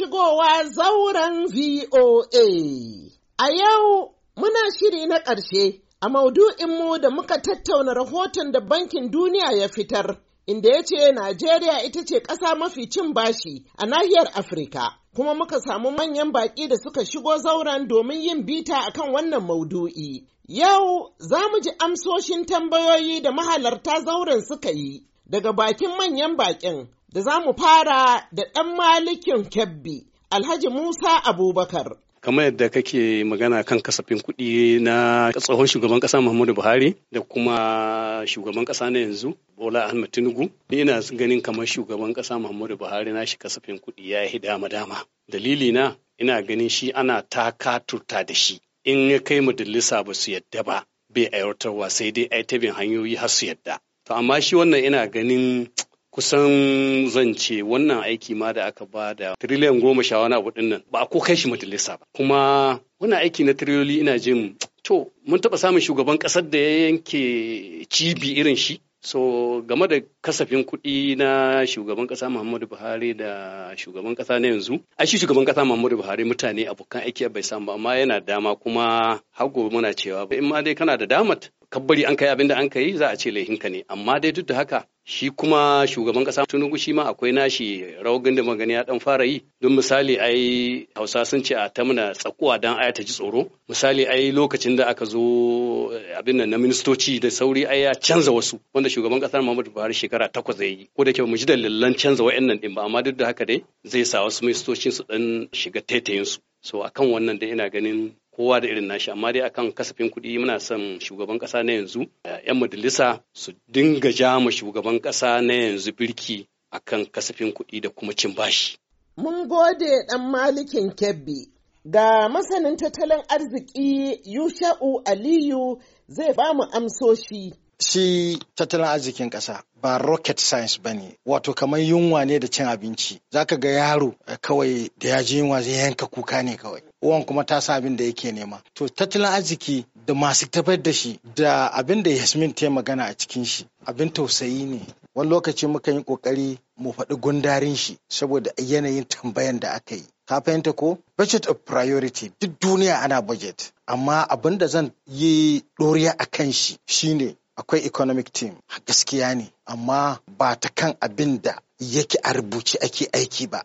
shigowa zauren VOA. A yau muna shiri na ƙarshe a maudu'inmu da muka tattauna rahoton da Bankin Duniya ya fitar, inda ya ce Najeriya ita ce ƙasa mafi cin bashi a nahiyar Afirka. Kuma muka samu manyan baƙi da suka shigo zauren domin yin bita a kan wannan maudu'i. Yau za mu ji amsoshin tambayoyi da mahalarta zauren suka yi daga bakin manyan baƙin da za mu fara da ɗan malikin kebbi Alhaji Musa Abubakar. kamar yadda kake magana kan kasafin kuɗi na tsohon shugaban ƙasa Muhammadu Buhari da kuma shugaban ƙasa na yanzu Bola Ahmed Tinubu ni ina ganin kamar shugaban ƙasa Muhammadu Buhari na shi kasafin kuɗi ya yi dama dama dalili na ina ganin shi ana taka turta da shi in ya kai majalisa ba su yadda ba bai aiwatarwa sai dai ai ta hanyoyi har su yadda to amma shi wannan ina ganin kusan zance wannan aiki ma da aka ba da tiriliyan goma sha wani abu dinnan ba a ko kai shi majalisa ba kuma wannan aiki na tiriliyoyi ina jin to mun taba samun shugaban kasar da ya yanke cibi irin shi so game da kasafin kuɗi na shugaban ƙasa muhammadu buhari da shugaban ƙasa na yanzu a shi shugaban ƙasa muhammadu buhari mutane abokan aiki bai samu amma yana dama kuma hago muna cewa in ma dai kana da damat kabbari an kai abinda da an kai za a ce ka ne amma dai duk da haka shi kuma shugaban kasa tunugu shi ma akwai nashi rawar da magani ya dan fara yi don misali ai hausa sun ce a tamna tsakuwa dan aya ta ji tsoro misali ai lokacin da aka zo eh, abin nan na ministoci da sauri ai ya canza wasu wanda shugaban kasa Muhammadu Buhari shekara takwas zai yi ko da kyau mu ji dalilan canza wa'annan din ba amma duk da haka dai zai sa wasu ministocin su dan shiga taitayin su so akan wannan da ina ganin kowa da irin nashi amma dai akan kasafin kuɗi muna son shugaban ƙasa na yanzu 'yan eh, majalisa su dinga ja jama shugaban ƙasa na yanzu birki akan kasafin kuɗi da kuma cin bashi. Mun gode ɗan malikin kebbi ga masanin tattalin arziki Yusha'u Aliyu zai ba mu amsoshi. shi tattalin arzikin ƙasa ba rocket science ba ne wato kamar yunwa ne da cin abinci za ka ga yaro kawai da ya ji yunwa zai yanka kuka ne kawai uwan kuma ta sa abin da yake nema to tattalin arziki da masu tabbatar da shi da abin da yasmin ta magana a cikin shi abin tausayi ne wani lokaci muka yi kokari mu faɗi gundarin shi saboda yanayin tambayan da aka yi ka fahimta ko budget of priority duk duniya ana budget amma abin da zan yi ɗoriya a kan shi shine akwai economic team gaskiya ne amma ba ta kan abin da yake a rubuce ake aiki ba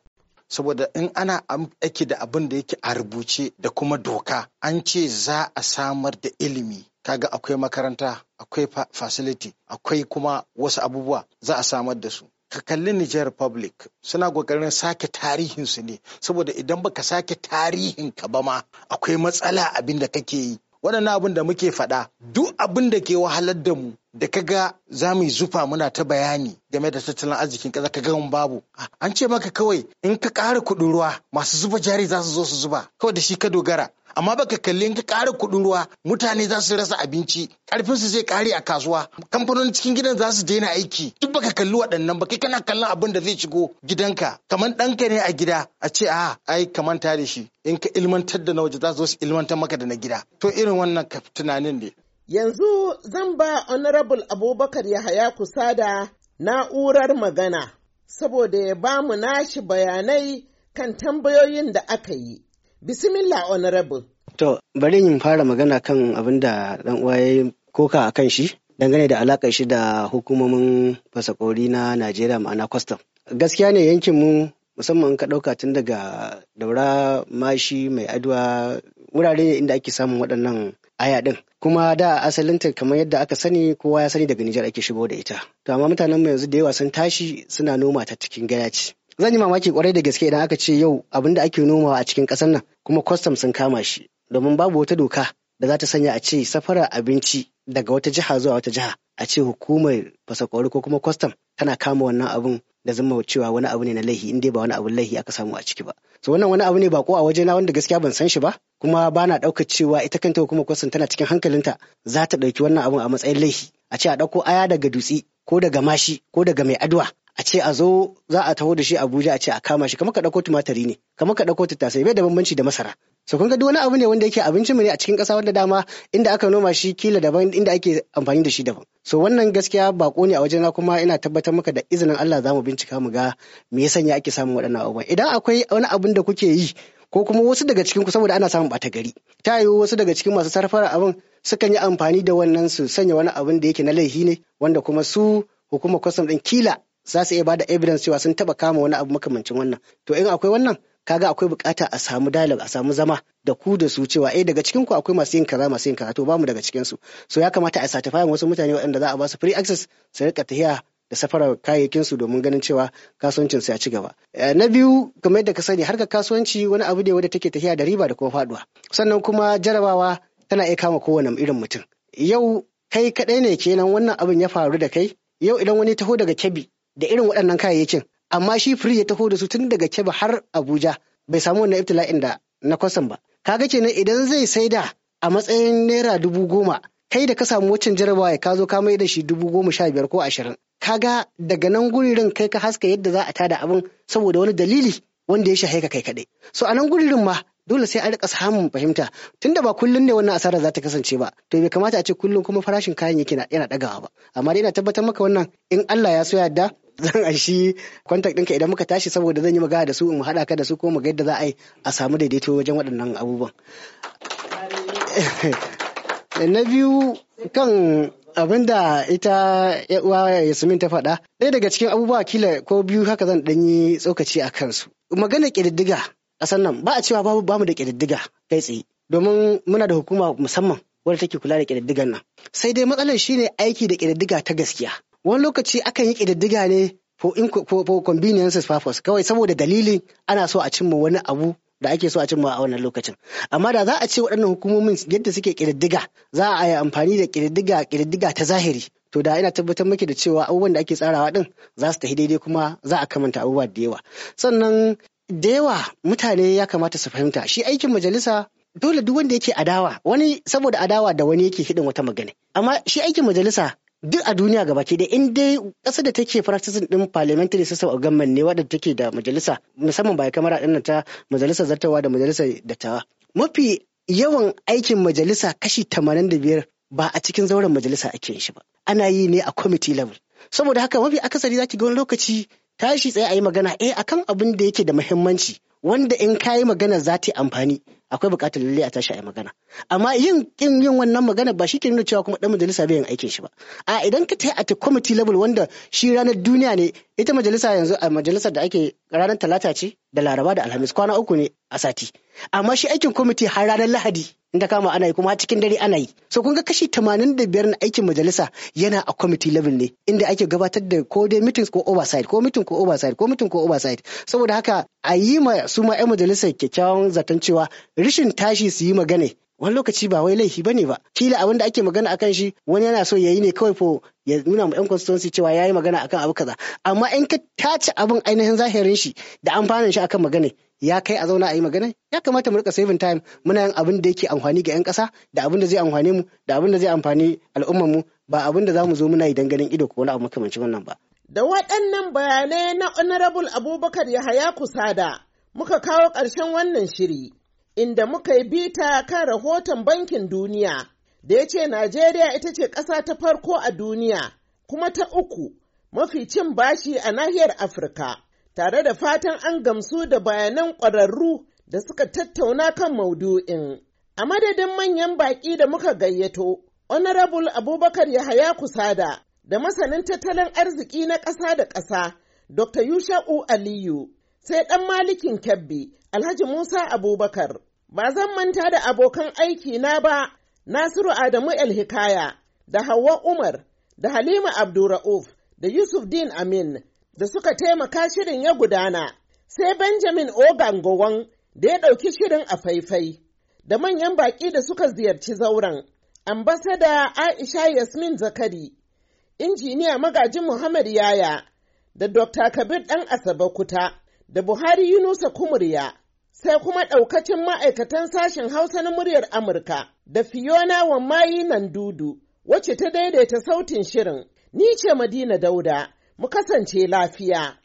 saboda in ana aiki da abin da yake a rubuce da kuma doka an ce za a samar da ilimi kaga akwai makaranta akwai facility akwai kuma wasu abubuwa za a samar da su ka kalli Niger Republic suna kokarin sake tarihinsu ne saboda idan baka sake tarihin ka ba ma akwai matsala abin da kake yi waɗannan abin da muke faɗa duk abin da ke wahalar da mu da kaga za mu yi zufa muna ta bayani game da tattalin arzikin ƙasa ka gan babu an ce maka kawai in ka kara kuɗin ruwa masu zuba jari za su zo su zuba kawai da shi ka dogara amma baka kalli in ka kara kuɗin ruwa mutane za su rasa abinci karfin su zai kare a kasuwa kamfanonin cikin gidan za su daina aiki duk baka kalli waɗannan ba kai kana kallon abin da zai shigo gidanka kamar ɗanka ne a gida a ce a ai kamanta da shi in ka ilmantar da na waje za su zo su ilmantar maka da na gida to irin wannan tunanin ne Yanzu zan ba Honorable Abubakar Yahaya da na'urar magana, saboda ya ba mu nashi bayanai kan tambayoyin da aka yi. Bismillah Honorable. To, bari in fara magana kan abin da ɗan uwa ya koka a kan shi, dangane da alaƙar shi da hukumomin fasakori na Najeriya ma'ana kwastam. Gaskiya ne yankin mu musamman ka ɗauka tun daga daura mashi mai aduwa wurare inda ake samun waɗannan aya din kuma da asalin ta kamar yadda aka sani kowa ya sani daga Nijar ake shigo da ita to amma mutanen mu yanzu da yawa sun tashi suna noma ta cikin gayaci. zan yi mamaki kwarai da gaske idan aka ce yau abin da ake nomawa a cikin kasar nan kuma kwastam sun kama shi domin babu wata doka da za ta sanya a ce safara abinci daga wata jiha zuwa wata jiha a ce hukumar fasakwari ko kuma kwastam tana kama wannan abun da zama cewa wani abu ne na laihi in dai ba wani abu laihi aka samu a ciki ba so wannan wani abu ne ba ko a waje na wanda gaskiya ban san shi ba kuma ba na ɗaukar cewa ita kanta hukumar kwastam tana cikin hankalinta za ta ɗauki wannan abun a matsayin laifi a ce a ɗauko aya daga dutse ko daga mashi ko daga mai adwa a ce a zo za a taho da shi Abuja a ce a kama shi kamar ka ɗauko tumatari ne kamar ka ɗauko tattasai bai da bambanci da masara so kun ga duk wani abu ne wanda yake abinci mu ne a cikin ƙasa wanda dama inda aka noma shi kila daban inda ake amfani da shi daban so wannan gaskiya bako ne a wajena kuma ina tabbatar maka da izinin Allah za mu bincika mu ga me ya sanya ake samun waɗannan abubuwan idan akwai wani abin da kuke yi ko kuma wasu daga cikin ku saboda ana samun bata gari ta yiwu wasu daga cikin masu sarfara abin sukan yi amfani da wannan su sanya wani abin da yake na laifi ne wanda kuma su hukumar kwastam din kila za su iya ba da evidence cewa sun taba kama wani abu makamancin wannan to in akwai wannan kaga akwai bukata a samu dialogue a samu zama da ku da su cewa eh daga cikin ku akwai masu yin kaza masu yin kaza to bamu daga cikin su so ya kamata a certify wasu mutane waɗanda za a ba su free access su rika tafiya da safarar kayayyakinsu domin ganin cewa kasuwancin su ya ci gaba. Eh, na biyu kamar yadda ka sani harkar kasuwanci wani abu ne wanda take tafiya da riba da kuma faduwa. Sannan kuma jarabawa tana iya kama kowane irin mutum. Yau kai kaɗai ne kenan wannan abin ya faru da kai. Yau idan wani taho daga Kebbi da irin waɗannan kayayyakin amma shi firi ya taho da su tun daga kebi har Abuja bai samu wannan ibtila'in da na kwasan ba. ga kenan idan zai saida a matsayin naira dubu goma kai da ka samu wacin jarabawa ya ka zo ka mai da shi dubu goma sha biyar ko ashirin Ka ga daga nan guririn kai ka haska yadda za a tada abin saboda wani dalili wanda ya shahe ka kai kaɗai so a nan guririn ma dole sai a rika samun fahimta tunda ba kullum ne wannan asarar za ta kasance ba to bai kamata a ce kullum kuma farashin kayan yake yana ɗagawa ba amma dai ina tabbatar maka wannan in Allah ya so yadda zan aishi kwantak ɗinka idan muka tashi saboda zan yi magana da su in mu haɗa ka da su ko mu ga yadda za a yi a samu daidaito wajen waɗannan abubuwan na biyu kan abin da ita uwa Yasmin ta faɗa ɗaya daga cikin abubuwa kila ko biyu haka zan ɗanyi tsokaci a kansu. Magana ƙididdiga ƙasar nan ba a cewa babu bamu da ƙididdiga kai tsaye domin muna da hukuma musamman wadda take kula da ƙididdigan nan. Sai dai matsalar shine aiki da ƙididdiga ta gaskiya. Wani lokaci akan yi ƙididdiga ne for, in, ko for purpose kawai saboda dalilin ana so a cimma wani abu da ake so a cimma a wannan lokacin amma da za a ce waɗannan hukumomin yadda suke ƙididdiga za a yi amfani da ƙididdiga ƙididdiga ta zahiri to da ina tabbatar maki da cewa abubuwan da ake tsarawa din za su tafi daidai kuma za a kamanta abubuwa da yawa sannan da yawa mutane ya kamata su fahimta shi aikin majalisa dole duk wanda yake adawa wani saboda adawa da wani yake hidin wata magana amma shi aikin majalisa duk a duniya gaba ke da in dai ƙasar da take practicing din parliamentary system of government ne wadda take da majalisa musamman bai kamar ɗin ta majalisa, zartawa da majalisa, dattawa mafi yawan aikin majalisa kashi 85 ba a cikin zauren majalisa ake shi ba ana yi ne a committee level saboda haka mafi akasari zaki ga wani lokaci tashi tsaye a yi magana eh akan abin da yake da muhimmanci wanda in kayi magana za ta amfani akwai buƙatar lalle a tashi a yi magana amma yin kin yin wannan magana ba shi ke nuna cewa kuma dan majalisa bai yin aikin shi ba a idan ka tai a ta committee level wanda shi ranar duniya ne ita majalisa yanzu a majalisar da ake ranar talata ce da laraba da alhamis kwana uku ne a sati amma shi aikin kwamiti har ranar lahadi in ta kama ana yi kuma cikin dare ana yi so kun ga kashi tamanin da biyar na aikin majalisa yana a komiti level ne inda ake gabatar da ko dai meetings ko oversight ko meeting ko oversight ko meeting ko oversight saboda haka a yi ma su ma 'yan majalisar kyakkyawan zaton cewa rishin tashi su yi magana wani lokaci ba wai laifi bane ba kila abin da ake magana akan shi wani yana so ya yi ne kawai fo ya nuna ma yan constituency cewa yayi magana akan abu kaza amma in ka tace abin ainihin zahirin shi da amfanin shi akan magana ya kai a zauna a yi magana ya kamata mu rika saving time muna yin abin da yake amfani ga yan kasa da abin da zai amfane mu da abin da zai amfani al'ummar mu ba abin da zamu zo muna yi dangane ido ko wani abu makamancin wannan ba da waɗannan bayanai na honorable abubakar yahaya kusada muka kawo ƙarshen wannan shiri inda muka yi bita kan rahoton bankin duniya da ya ce Najeriya ita ce ƙasa ta farko a duniya kuma ta uku mafi cin bashi a nahiyar Afirka, tare da fatan an gamsu da bayanan ƙwararru da suka tattauna kan maudu'in. A madadin manyan baƙi da muka gayyato, Honorable Abubakar Yahaya Kusada da masanin tattalin arziki na ƙasa da ƙasa, Dr. Yusha'u Aliyu, sai ɗan malikin Kebbi, Alhaji Musa Abubakar. Ba zan manta da abokan aiki na ba, Nasiru Adamu El Hikaya, da Hauwa Umar, da Halima Abdurra'uf, da Yusuf Din Amin, da suka taimaka shirin ya gudana, sai Benjamin Ogangowon da ya ɗauki shirin a faifai, da manyan baƙi da suka ziyarci zauren, ambasada Aisha Yasmin Zakari, injiniya magajin Muhammad Yaya, da Dr. Kabir ɗan Asabe Kuta, da Buhari Yunusa Kumurya. sai kuma ɗaukacin ma'aikatan sashen Hausa na muryar Amurka da Fiona Wammayi nan dudu, wacce ta daidaita sautin shirin. Ni ce Madina Dauda, mu kasance lafiya.